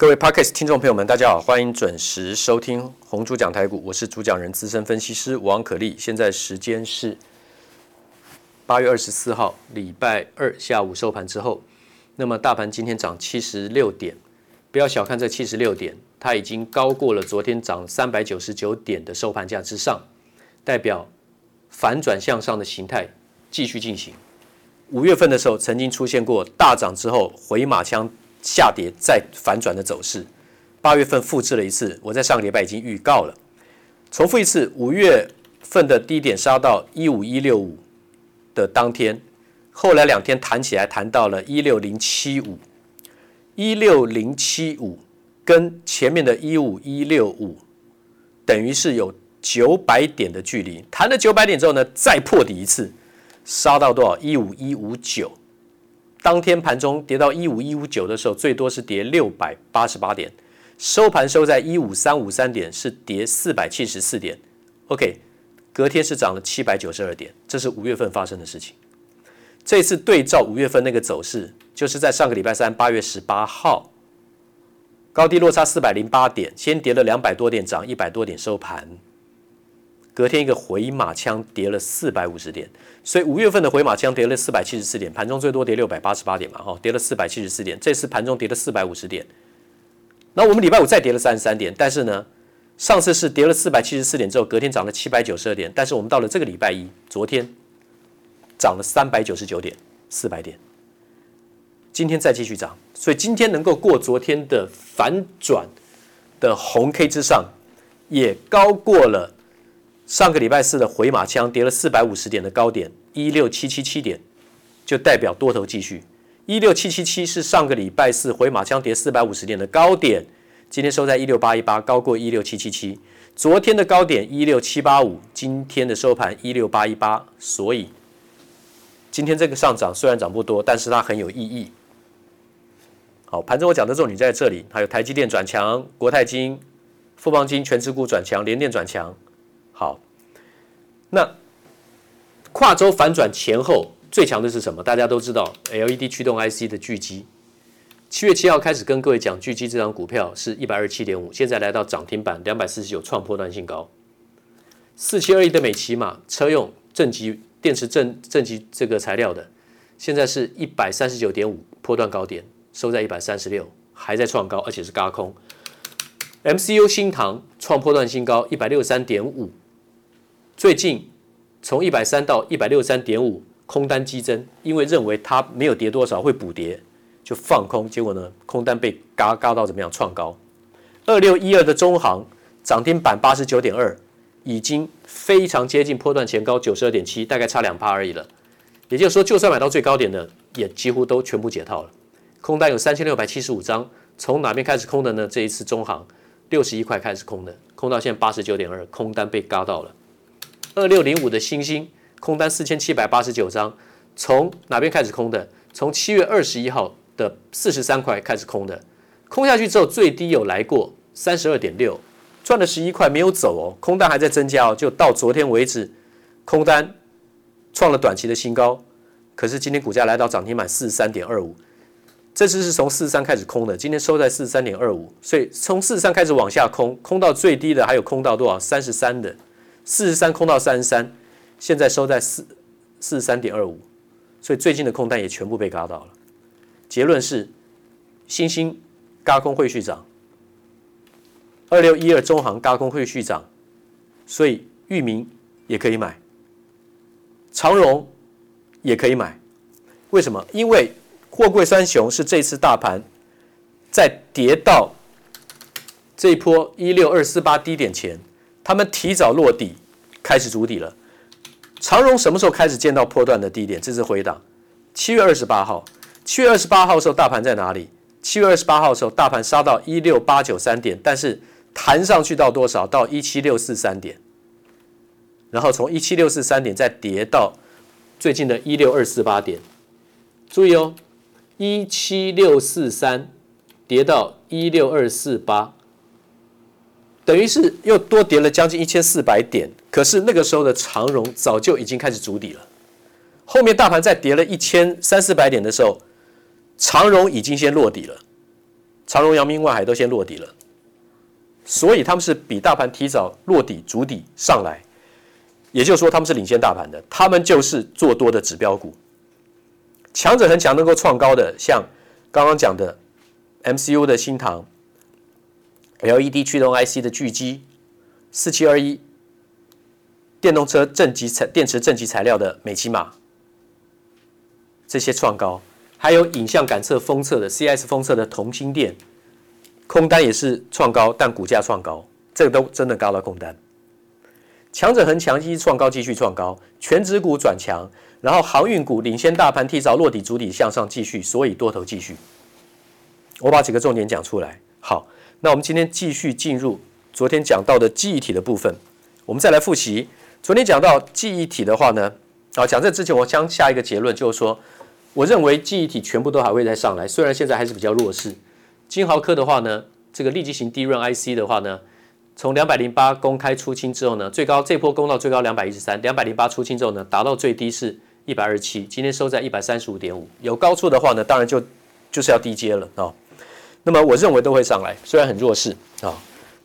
各位 Podcast 聽眾朋友們，大家好，歡迎準時收聽紅豬講台股，我是主講人資深分析師王可立。現在時間是八月二十四號，禮拜二下午收盤之後。那麼大盤今天漲七十六點，不要小看這七十六點，它已經高過了昨天漲三百九十九點的收盤價之上，代表反轉向上的形態繼續進行。五月份的時候曾經出現過大漲之後回馬槍。下跌再反轉的走勢，八月份複製了一次。我在上個禮拜已經預告了，重複一次。五月份的低點殺到一五一六五的當天，後來兩天彈起來，彈到了一六零七五。一六零七五跟前面的一五一六五，等於是有九百點的距離。彈了九百點之後呢，再破底一次，殺到多少？一五一五九。當天盤中跌到一五一五九的時候，最多是跌六百八十八點，收盤收在一五三五三點，是跌四百七十四點。OK，隔天是漲了七百九十二點，這是五月份發生的事情。這次對照五月份那個走勢，就是在上個禮拜三八月十八號，高低落差四百零八點，先跌了兩百多點，漲一百多點收盤。隔天一個回馬槍跌了四百五十點。所以五月份的回馬槍跌了四百七十四點，盤中最多跌六百八十八點嘛，哦，跌了四百七十四點，這次盤中跌了四百五十點，那我們禮拜五再跌了三十三點，但是呢，上次是跌了四百七十四點之後，隔天漲了七百九十二點，但是我們到了這個禮拜一，昨天漲了三百九十九點，四百點，今天再繼續漲，所以今天能夠過昨天的反轉的紅 K 之上，也高過了。上個禮拜四的回馬槍，跌了四百五十點的高點，一六七七七點，就代表多頭繼續。一六七七七是上個禮拜四回馬槍跌四百五十點的高點，今天收在一六八一八，高過一六七七七。昨天的高點一六七八五，今天的收盤一六八一八，所以今天這個上漲雖然漲不多，但是它很有意義。好，盤中我講的重點，你在這裡還有台積電轉強、國泰金、富邦金、全支股轉強、聯電轉強。那跨週反轉前後最強的是什麼？大家都知道，LED 驅動 IC 的聚積，七月七號開始跟各位講，聚積，這張股票是一百二十七點五，現在來到漲停板兩百四十九，創波段新高。四七二一的美琪瑪，車用正極電池正正極，這個材料的，現在是一百三十九點五，波段高點收在一百三十六，還在創高，而且是軋空。MCU 新唐創波段新高一百六十三點五。最近從一百三到一百六十三點五，空單激增，因為認為它沒有跌多少，會補跌，就放空。結果呢，空單被嘎嘎到怎麼樣？創高。二六一二的中行漲停板八十九點二，已經非常接近波段前高九十二點七，大概差兩趴而已了。也就是說，就算買到最高點的，也幾乎都全部解套了。空單有三千六百七十五張，從哪邊開始空的呢？這一次中行六十一塊開始空的，空到現在八十九點二，空單被嘎到了。二六零五的新興空單四千七百八十九張，從哪邊開始空的？從七月二十一號的四十三塊開始空的。空下去之後，最低有來過三十二點六，賺了十一塊沒有走哦，空單還在增加哦。就到昨天為止，空單創了短期的新高。可是今天股價來到漲停板四十三點二五，這次是從四十三開始空的，今天收在四十三點二五，所以從四十三開始往下空，空到最低的還有空到多少？三十三的。四十三空到三十三，現在收在四四十三點二五，所以最近的空單也全部被軋到了。結論是：新興軋空會續漲，二六一二中航軋空會續漲，所以裕民也可以買，長榮也可以買。為什麼？因為貨櫃三雄是這次大盤在跌到這一波一六二四八低點前。他們提早落地，開始築底了。長榮什麼時候開始見到波段的低點？這是回檔。七月二十八號，七月二十八號的時候，大盤在哪裡？七月二十八號的時候，大盤殺到一六八九三點，但是彈上去到多少？到一七六四三點。然後從一七六四三點再跌到最近的一六二四八點。注意哦，一七六四三跌到一六二四八。等於是又多跌了將近一千四百點，可是那個時候的長榮早就已經開始築底了。後面大盤再跌了一千三四百點的時候，長榮已經先落底了，長榮、陽明、萬海都先落底了。所以他們是比大盤提早落底、築底上來，也就是說他們是領先大盤的，他們就是做多的指標股。強者很強，能夠創高的，像剛剛講的 MCU 的新唐。LED 驅動 IC 的聚積4721，電動車正極材電池正極材料的美琪瑪，這些創高，還有影像感測封測的 CS 封測的同欣電，空單也是創高，但股價創高，這個都真的軋到空單。強者恆強，繼續創高，繼續創高，權值股轉強，然後航運股領先大盤提早落底，主體向上繼續，所以多頭繼續。我把幾個重點講出來，好。那我們今天繼續進入昨天講到的記憶體的部分，我們再來復習昨天講到記憶體的話呢，啊，講這之前我講下一個結論就是說，我認為記憶體全部都還會再上來，雖然現在還是比較弱勢。晶豪科的話呢，這個利基型 DRAM IC 的話呢，從兩百零八公開出清之後呢，最高這波攻到最高兩百一十三，兩百零八出清之後呢，達到最低是一百二十七，今天收在一百三十五點五，有高處的話呢，當然就就是要低接了啊。哦那麼我認為都會上來，雖然很弱勢啊。哦、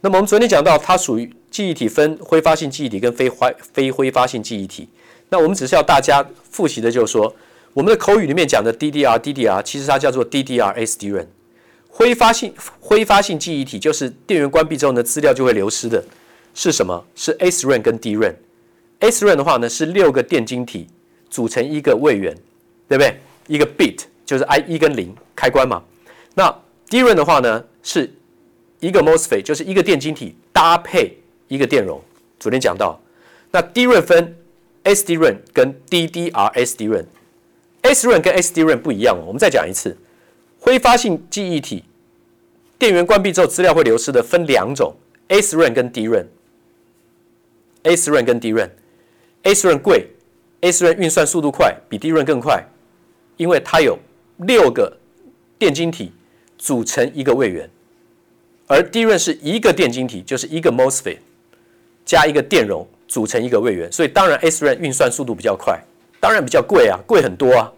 那麼我們昨天講到，它屬於記憶體分揮發性記憶體跟非揮非揮發性記憶體。那我們只是要大家複習的，就是說我們的口語裡面講的 DDR DDR，其實它叫做 DDR SDRAM。揮發性揮發性記憶體就是電源關閉之後呢，資料就會流失的，是什麼？是 SRAM 跟 Dram。SRAM 的話呢，是六個電晶體組成一個位元，對不對？一個 bit 就是 I 一跟零開關嘛。那 DRAM 的話呢，是一個 MOSFET，就是一個電晶體搭配一個電容。昨天講到，那 DRAM 分 SDRAM 跟 DDR SDRAM，SRAM 跟 SDRAM 不一樣哦。我們再講一次，揮發性記憶體，電源關閉之後資料會流失的，分兩種，SRAM 跟 DRAM，SRAM 跟 DRAM，SRAM 貴，SRAM 運算速度快，比 DRAM 更快，因為它有六個電晶體。組成一個位元，而 DRAM 是一個電晶體，就是一個 MOSFET 加一個電容組成一個位元，所以當然 SRAM 運算速度比較快，當然比較貴啊，貴很多啊。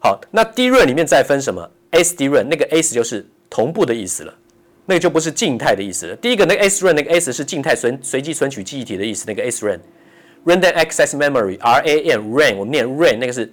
好，那 DRAM 裡面再分什麼 SDRAM 那個 S 就是同步的意思了，那個就不是靜態的意思了。第一個那個 SRAM 那個 S 是靜態隨隨機存取記憶體的意思，那個 SRAM Random Access Memory RAM RAM 我們念 RAM 那個是。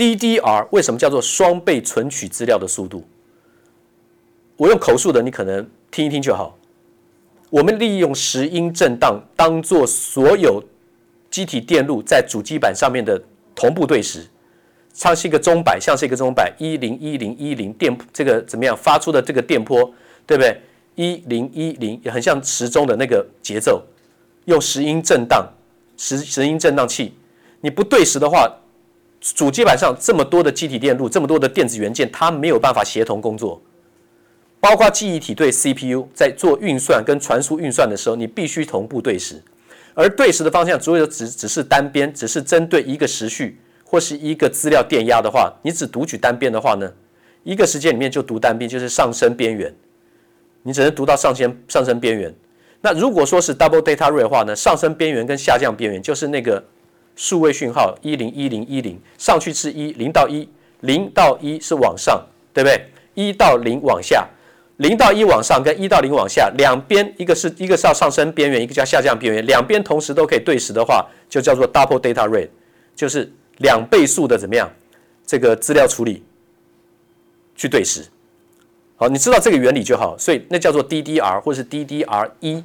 DDR 為什麼叫做雙倍存取資料的速度？我用口述的，你可能聽一聽就好。我們利用時音震盪當做所有機體電路在主機板上面的同步對時，像是一個鐘擺，像是一個鐘擺一零一零一零電這個怎麼樣發出的這個電波，對不對？一零一零也很像時鐘的那個節奏，用時音震盪，時時音震盪器，你不對時的話。主機板上這麼多的積體電路，這麼多的電子元件，它沒有辦法協同工作。包括記憶體對 CPU 在做運算跟傳輸運算的時候，你必須同步對時。而對時的方向，主要只只是單邊，只是針對一個時序或是一個資料電壓的話，你只讀取單邊的話呢，一個時間裡面就讀單邊，就是上升邊緣，你只能讀到上升上升邊緣。那如果說是 Double Data Rate 的話呢，上升邊緣跟下降邊緣就是那個。數位訊號一零一零一零上去是一零到一零到一是往上，對不對？一到零往下，零到一往上，跟一到零往下兩邊，一個是一個叫上升邊緣，一個叫下降邊緣，兩邊同時都可以對時的話，就叫做 double data rate，就是兩倍速的怎麼樣這個資料處理去對時。好，你知道這個原理就好，所以那叫做 DDR 或是 DDR 一。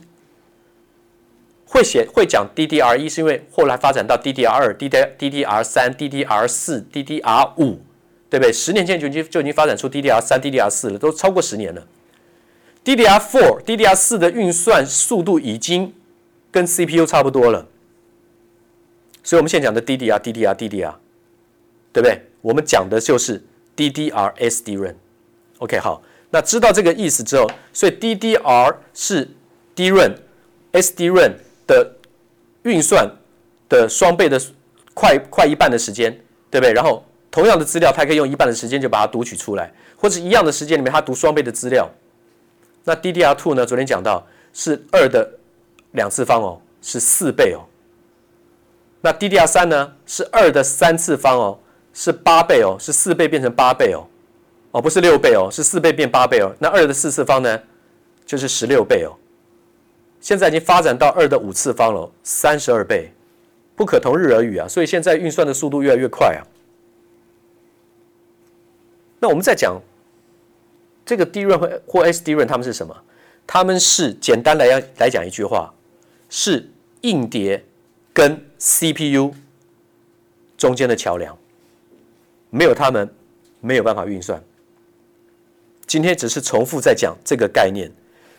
會寫會講 DDR 一，是因為後來發展到 DDR 二、DDR DDR 三、DDR 四、DDR 五，對不對？十年前就已經就已經發展出 DDR 三、DDR 四了，都超過十年了。DDR four DDR 四的運算速度已經跟 CPU 差不多了，所以我們現在講的 DDR DDR DDR，對不對？我們講的就是 DDR SDRAM，OK 好，那知道這個意思之後，所以 DDR 是 DRAM SDRAM。的運算的雙倍的，快快一半的時間，對不對？然後同樣的資料，它可以用一半的時間就把它讀取出來，或者一樣的時間裡面，它讀雙倍的資料。那 DDR2 呢？昨天講到是二的兩次方哦，是四倍哦。那 DDR3 呢？是二的三次方哦，是八倍哦，是四倍變成八倍哦。哦，不是六倍哦，是四倍變八倍哦。那二的四次方呢？就是十六倍哦。現在已經發展到二的五次方了，三十二倍，不可同日而語啊！所以現在運算的速度越來越快啊。那我們再講這個 DRAM 或或 SDRAM 他們是什麼？他們是簡單來來講一句話，是硬碟跟 CPU 中間的橋樑，沒有他們沒有辦法運算。今天只是重複在講這個概念。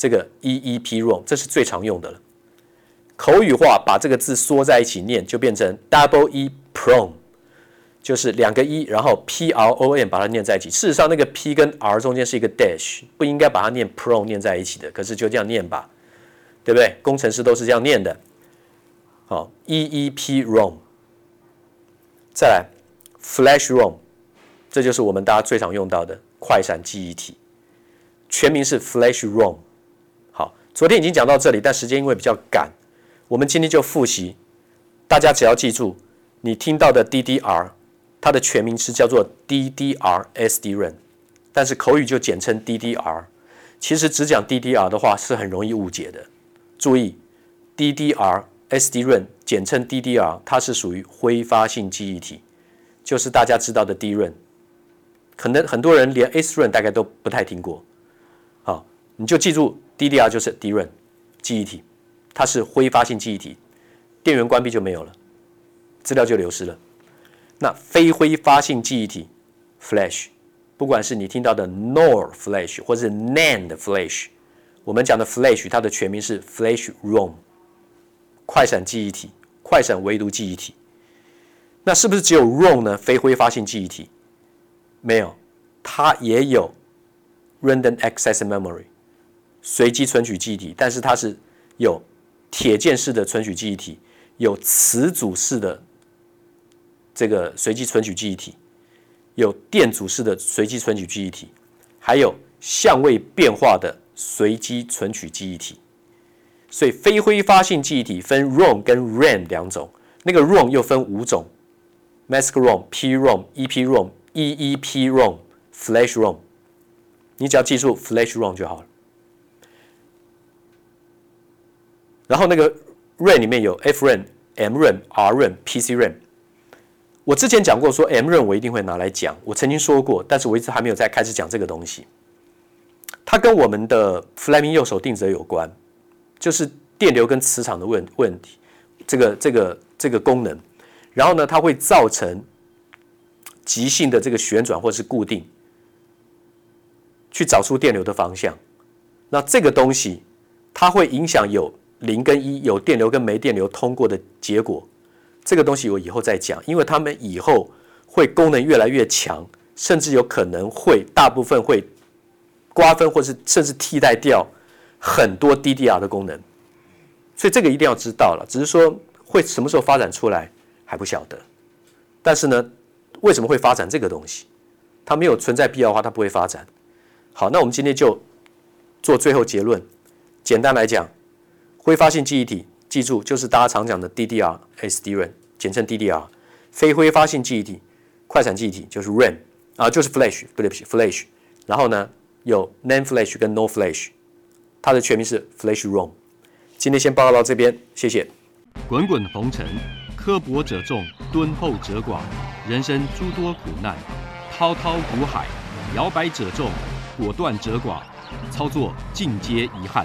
這個 e e p rom 這是最常用的了，口語化把這個字縮在一起念，就變成 double e, e prom，就是兩個 e，然後 p r o m 把它念在一起。事實上，那個 p 跟 r 中間是一個 dash，不應該把它念 prom，念在一起的。可是就這樣念吧，對不對？工程師都是這樣念的。好，e e p rom，再來 flash rom，這就是我們大家最常用到的快閃記憶體，全名是 flash rom。昨天已經講到這裡，但時間因為比較趕，我們今天就復習。大家只要記住，你聽到的 DDR，它的全名是叫做 DDR SDRAM，但是口語就簡稱 DDR。其實只講 DDR 的話是很容易誤解的。注意，DDR SDRAM 簡稱 DDR，它是屬於揮發性記憶體，就是大家知道的 DRAM。可能很多人連 SDRAM 大概都不太聽過。好，你就記住。DDR 就是 DRAM 記憶體，它是揮發性記憶體，電源關閉就沒有了，資料就流失了。那非揮發性記憶體 Flash，不管是你聽到的 NOR Flash 或者是 NAND Flash，我們講的 Flash 它的全名是 Flash ROM，快閃記憶體，快閃唯讀記憶體。那是不是只有 ROM 呢？非揮發性記憶體沒有，它也有 Random Access Memory。隨機存取記憶體，但是它是有鐵鍵式的存取記憶體，有磁阻式的這個隨機存取記憶體，有電阻式的隨機存取記憶體，還有相位變化的隨機存取記憶體。所以非揮發性記憶體分 ROM 跟 RAM 兩種，那個 ROM 又分五種：Mask ROM、PROM、EPROM、EEPROM、Flash ROM。你只要記住 Flash ROM 就好了。然後那個 RAM 裡面有 F RAM M RAM R RAM P C RAM，我之前講過說 M RAM 我一定會拿來講，我曾經說過，但是我一直還沒有再開始講這個東西。它跟我們的 Fleming 右手定則有關，就是電流跟磁場的問問題，這個這個這個功能，然後呢它會造成極性的這個旋轉或者是固定，去找出電流的方向。那這個東西它會影響有。零跟一有電流跟沒電流通過的結果，這個東西我以後再講，因為他們以後會功能越來越強，甚至有可能會大部分會瓜分或是甚至替代掉很多 DDR 的功能，所以這個一定要知道了。只是說會什麼時候發展出來還不曉得，但是呢，為什麼會發展這個東西？它沒有存在必要的話，它不會發展。好，那我們今天就做最後結論，簡單來講。揮發性記憶體，記住就是大家常講的 DDR，SDRAM，簡稱 DDR，非揮發性記憶體，快閃記憶體就是 RAM，啊，就是 Flash，不對不起 Flash，然後呢，有 NAND Flash 跟 No Flash，它的全名是 Flash ROM。今天先報告到這邊，謝謝。滾滾紅塵，刻薄者眾，敦厚者寡，人生諸多苦難。滔滔苦海，搖擺者眾，果斷者寡，操作盡皆遺憾。